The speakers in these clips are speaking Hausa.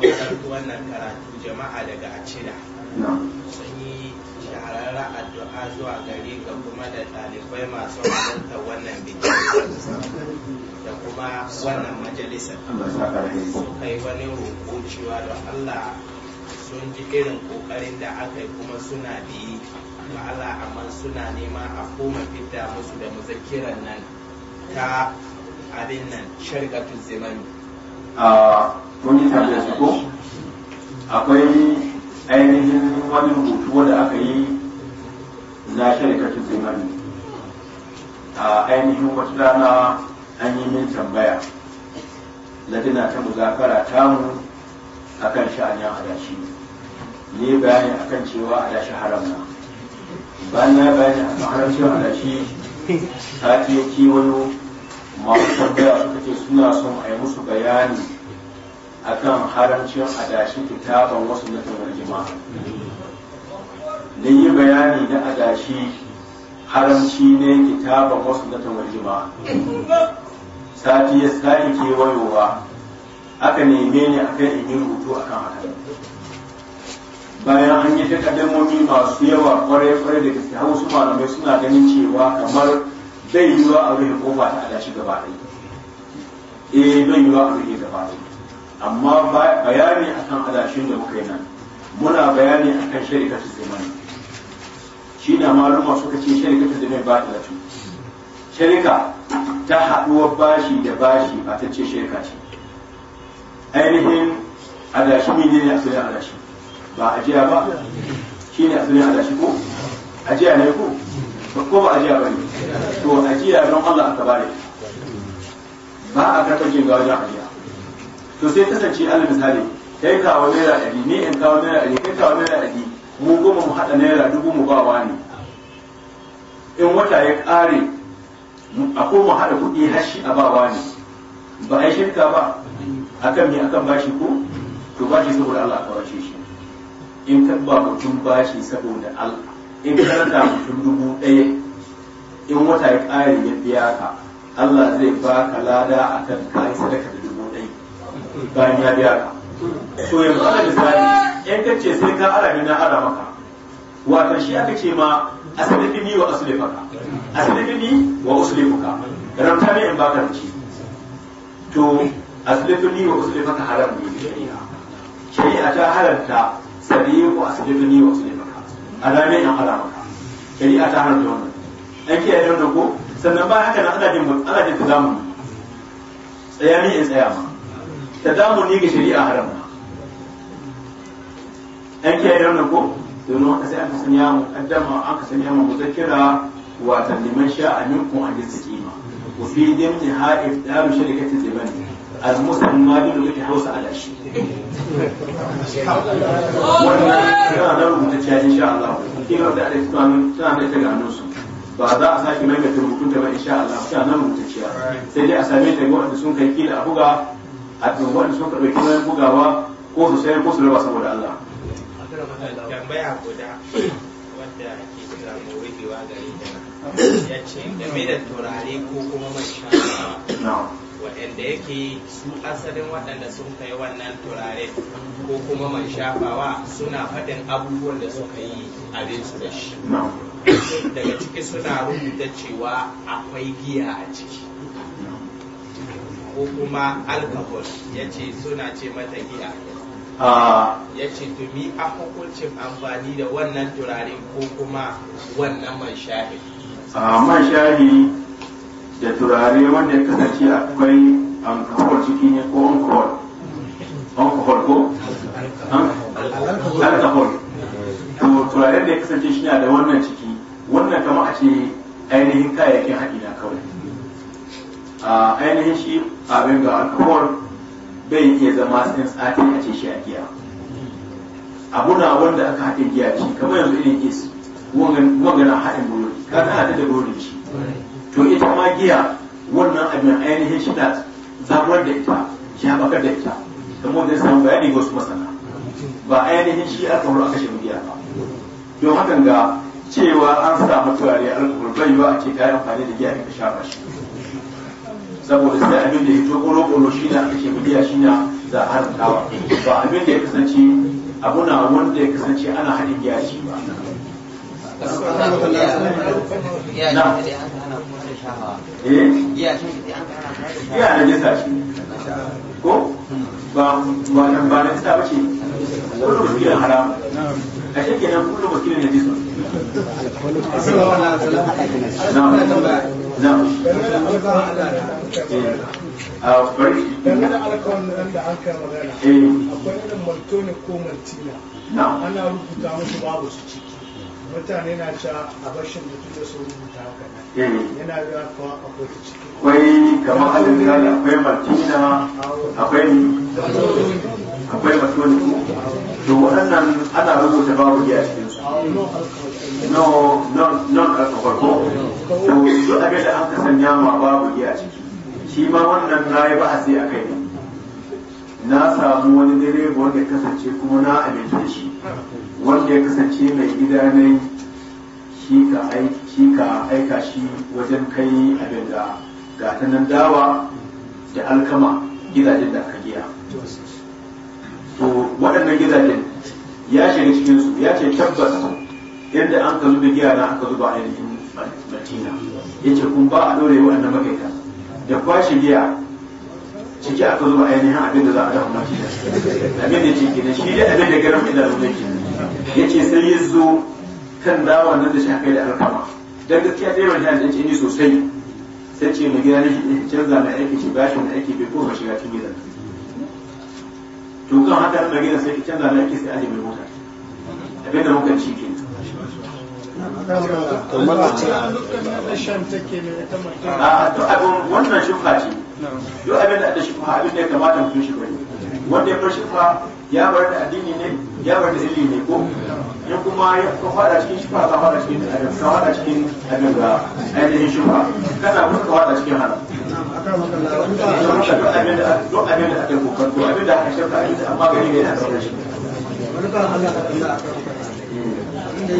ɗauki wannan karatu jama'a daga acida sun yi shahararra addu'a zuwa gari ga kuma da ɗalibai masu halartar wannan biki da kuma wannan majalisar Sun kai wani roƙo cewa da allah sun ji irin ƙoƙarin da aka yi kuma suna bi ga allah amma suna nema a koma fita musu da muzakiran nan ta abin nan shirgatun zimani ah, mun yi tafiya su ko akwai ainihin wani rubutu wanda aka yi na shirkatun zimani a ainihin wata rana an yi min tambaya dina ta muzakara tamu akan sha'anin adashi ne bayani akan cewa adashi haram na bayan na bayani akan haramcin adashi ta ke kewayo masu tambaya suka ce suna son a yi musu bayani akan haramcin adashin kitaban wasu na tsoron jima'a yi bayani na adashi haramci ne kitaban wasu na tsoron jima'a sati ya sake kewayowa aka neme ne akan in yi rubutu akan haka bayan an yi takaddamomi masu yawa kwarai-kwarai da gaske hausu malamai suna ganin cewa kamar bai yiwa a rufe kofa ta adashi gaba ɗaya eh bai yiwa a rufe gaba ɗaya amma bayani akan adashin da muka yi nan muna bayani akan shirika ta zaman shi na maluma suka ce shirka ta zaman ba ta shirika ta haɗuwar bashi da bashi ba ta ce shirika ce ainihin adashi ne ne a asalin adashi ba ajiya ba shi ne a asalin adashi ko ajiya ne ko ko ba ajiya ba ne to ajiya don Allah aka bare ba a karɓar jin ga wajen ajiya to sai kasance ana misali kai kawo naira ɗari ne in kawo naira ɗari kai kawo naira ɗari mu goma mu haɗa naira dubu mu ba wani in wata ya ƙare a ko mu haɗa kuɗi hashi a ba wani ba a yi shirka ba akan me akan bashi ko to bashi saboda Allah ka wace shi in ka ba mutum bashi saboda Allah in ka da mutum dubu ɗaya in wata ya ƙare ya biya ka Allah zai baka lada kan kai sadaka bayan ya biya ka to yanzu ana misali yan kace sai ka ara na ara maka wato shi aka ce ma ni wa aslifaka ni wa uslifuka ranta ne in baka ci to ni wa uslifaka haram ne shari'a shari'a ta haramta sarifu ni wa uslifaka ana ne in ara maka shari'a ta haramta wannan an kiyaye da ko sannan ba haka nan ana jin ana jin tazamun tsayani in tsaya ma tadamuni ga shari'a haram an kiyaye wannan ko domin haka sai aka sanya mu addama ka sanya mu muzakkira wa taliman sha'a minkum an yastaqima wa fi dimti ha'if daru shirkati liman al muslim ma bin lati hausa ala shi wannan yana da rubuta cewa insha Allah kira da alai tsamin tana da ta gano su ba za a sake maimaita rubutun ta ba insha Allah tana rubuta cewa sai dai a same ta ga sun kai kila a buga a to wanda sun karɓi kiran bugawa ko su sayar ko su raba saboda Allah tambaya guda wanda ke samu rikewa gare ta ya ce game da turare ko kuma man shafawa waɗanda yake su asalin waɗanda sun kai wannan turare ko kuma man shafawa suna faɗin abubuwan da suka yi abin su da shi daga ciki suna rubuta cewa akwai giya a ciki ko kuma alkohol ya ce suna ce mata giya ah. ya ce domin a hukuncin amfani da wannan turare ko kuma wannan man shahi ah, man shahi da turare wanda ya kasance akwai alkohol ciki ne ko alkohol alkohol ko ah, alkohol to turare da ya kasance shi da wannan ciki wannan kama a ce ainihin kayayyakin haɗi na kawai a ainihin shi abin ga alkohol bai iya zama sin tsati a ce shi a giya abuna wanda aka haɗe giya shi, kamar yanzu irin is wangana haɗin burodi ka haɗe da burodi shi to ita ma giya wannan abin ainihin shi na zaburar da ita shi haɓakar da ita kamar da samun bayani ga wasu masana ba ainihin shi alkohol aka shi giya ba don hakan ga cewa an samu mutuwa alkohol bai yiwa a ce yi amfani da giya ka shafa shi saboda sai abin da ya fito kolo shi ne ake bidiya shi ne za a haramtawa ba abin da ya kasance abu na wanda ya kasance ana haɗin ya shi ba iya eh? shi ko ba ba ba a shi kenan na'am a an akwai ana rubuta musu babu su ciki mutane na ca a bashin da tuka su rubuta haka yana akwai ciki akwai kamar akwai martina akwai akwai matoni to waɗannan ana rubuta babu cikin no no no a abin da an sanya ma babu a ciki shi ma wannan na yi ba a kai na samu wani direba wanda ya kasance kuma na amince shi wanda ya kasance mai gida ne shi ka aika shi wajen kai abin da gatanan dawa da alkama gidajen da aka giya to waɗannan gidajen ya shiga cikinsu ya ce tabbas yadda an ka zuba giya na aka zuba ainihin matina yace kun ba a dore waɗanda makaita da kwashe giya ciki aka zuba ainihin abin da za a dafa da abin da ciki na shi da abin da garin ina zuwa ke yace sai ya zo kan dawa nan da shi da alkama dan gaskiya dai wani hajji ce ni sosai sai ce mu gida ne shi canza mai aiki shi bashi mai aiki bai koma shiga cikin gidan to kan haka na gidan sai ki canza mai aiki sai aje mai mota abin da muka ci kenan wannan shufa ce yau abin da shufa abin da ya kamata mutum shi bane wanda ya bar shufa ya bar da addini ne ya bar da ilimi ne ko in kuma ya fada cikin shufa ka fada cikin ka fada cikin abin da ainihin shufa kana mutu ka fada cikin abin da aka abin da aka shirka abin da amma gari ne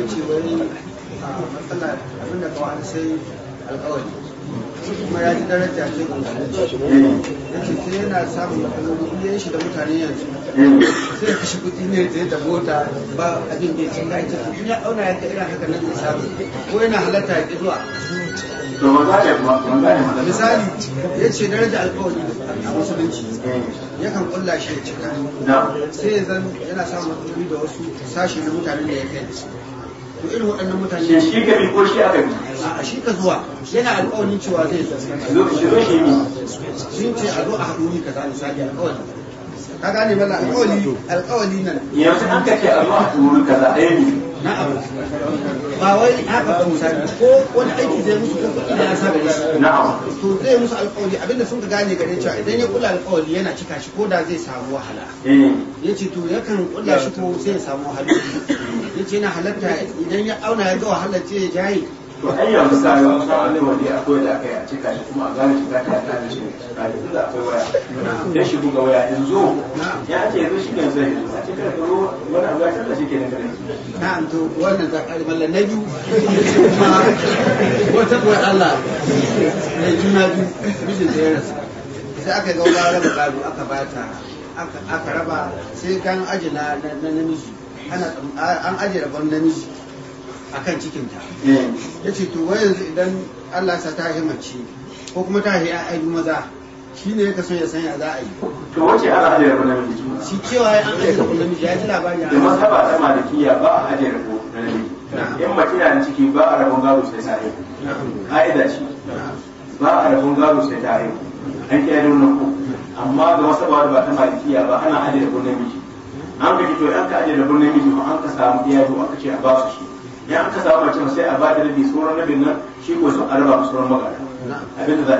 shi wani ba wani abinda ka kuma daraja yana samun matsaloli da yanzu sai kuɗi ne da da mota ba abin ya yana halarta ya ƙi misali daraja alkawari a musulunci yakan kulla shi ya cika sai yana samun matsaloli da wasu sashi na mutane da ya kai to irin waɗannan mutane shi ka bi ko shi aka bi a shi ka zuwa yana alƙawarin cewa zai zo shi zo shi sun ce a zo a haɗu ni kaza misali alƙawari ka gane mana alƙawari alƙawari nan yanzu an ka ce a zo a haɗu kaza ɗaya ne na'am ba wai haka ba misali ko wani aiki zai musu ko kuɗi da ya sa gare na'am to zai musu alƙawari abinda sun ka gane gare cewa idan ya kula alƙawari yana cika shi ko da zai samu wahala eh. ya ce to yakan kula shi ko sai ya samu wahala ce na halatta idan ya auna ya ga wahalar ce ya jayi to ai ya musa ya musa wani wani a koyar da aka yi a cika shi kuma a gane shi ta yi gane shi ba da zuwa akwai waya ya shigo ga waya in zo ya ce yanzu shi kan zai a cika da zo wani abuwa ya da shi ke nan na an to wannan za a malla na biyu wata kuwa Allah na juna biyu mijin da ya rasu sai aka ga wani raba gado aka bata aka raba sai kan ajina na namiji an ajiye rabon namiji a kan cikinta eh. ya ce to wai yanzu idan allah sa ta yi mace ko kuma ta yi ai maza shi ne ka so ya sanya za a yi to wace ana ajiye rabon namiji shi cewa ya an ajiye rabon namiji ya ji labari a domin saba ta malikiya ba a ajiye rabon namiji in mace na ciki ba a rabon gado sai ta yi ka'ida ce ba a rabon gado sai ta yi an kiyaye wannan ko amma ga wasu ba ta ma da malikiya ba ana ajiye rabon namiji an ka fito an ka ajiye birnin miji ko an ka samu iya ko an ka ce a ba su shi ya an ka samu mace sai a ba ta rabi sauran rabin nan shi ko sun arba musu sauran magana abinda za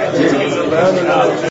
a yi kenan